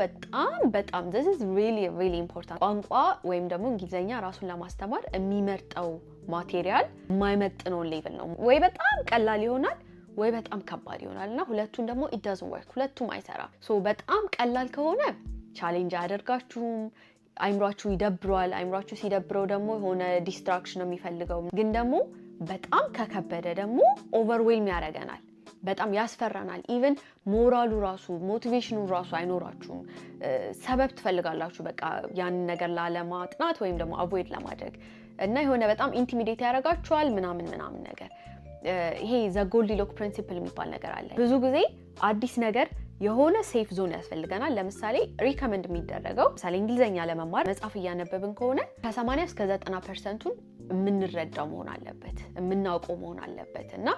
በጣም በጣም this is ቋንቋ ወይም ደግሞ እንግሊዘኛ ራሱን ለማስተማር የሚመርጠው ማቴሪያል የማይመጥነውን ሌቭል ነው። ወይ በጣም ቀላል ይሆናል ወይ በጣም ከባድ ይሆናል እና ሁለቱን ደግሞ it doesn't ሁለቱም አይሰራም። ሶ በጣም ቀላል ከሆነ ቻሌንጅ አያደርጋችሁም። አይምሯችሁ ይደብሯል። አይምሯችሁ ሲደብረው ደግሞ የሆነ ዲስትራክሽን ነው የሚፈልገው። ግን ደግሞ በጣም ከከበደ ደግሞ ኦቨርዌልም ያደርገናል። በጣም ያስፈራናል። ኢቨን ሞራሉ ራሱ ሞቲቬሽኑ ራሱ አይኖራችሁም። ሰበብ ትፈልጋላችሁ በቃ ያንን ነገር ላለማጥናት ወይም ደግሞ አቮይድ ለማድረግ እና የሆነ በጣም ኢንቲሚዴት ያደርጋችኋል ምናምን ምናምን ነገር ይሄ ዘ ጎልዲሎክ ፕሪንሲፕል የሚባል ነገር አለ። ብዙ ጊዜ አዲስ ነገር የሆነ ሴፍ ዞን ያስፈልገናል። ለምሳሌ ሪከመንድ የሚደረገው ምሳሌ እንግሊዝኛ ለመማር መጽሐፍ እያነበብን ከሆነ ከ80 እስከ 90 ፐርሰንቱን የምንረዳው መሆን አለበት፣ የምናውቀው መሆን አለበት እና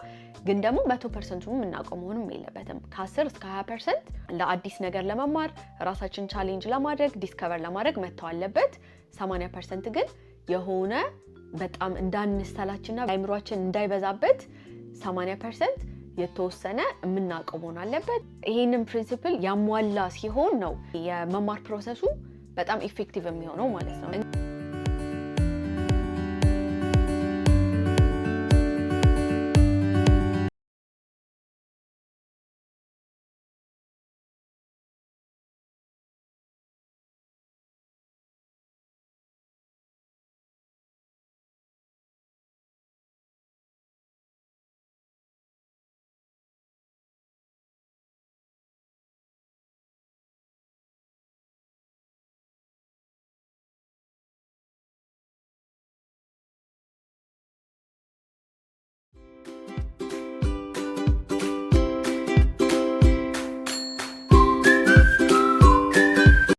ግን ደግሞ መቶ ፐርሰንቱን የምናውቀው መሆንም የለበትም። ከ10 እስከ 20 ፐርሰንት ለአዲስ ነገር ለመማር ራሳችን ቻሌንጅ ለማድረግ ዲስከቨር ለማድረግ መጥተው አለበት። 80 ፐርሰንት ግን የሆነ በጣም እንዳንሰላችና አይምሯችን እንዳይበዛበት 80 ፐርሰንት የተወሰነ የምናውቀው መሆን አለበት። ይህንን ፕሪንሲፕል ያሟላ ሲሆን ነው የመማር ፕሮሰሱ በጣም ኢፌክቲቭ የሚሆነው ማለት ነው።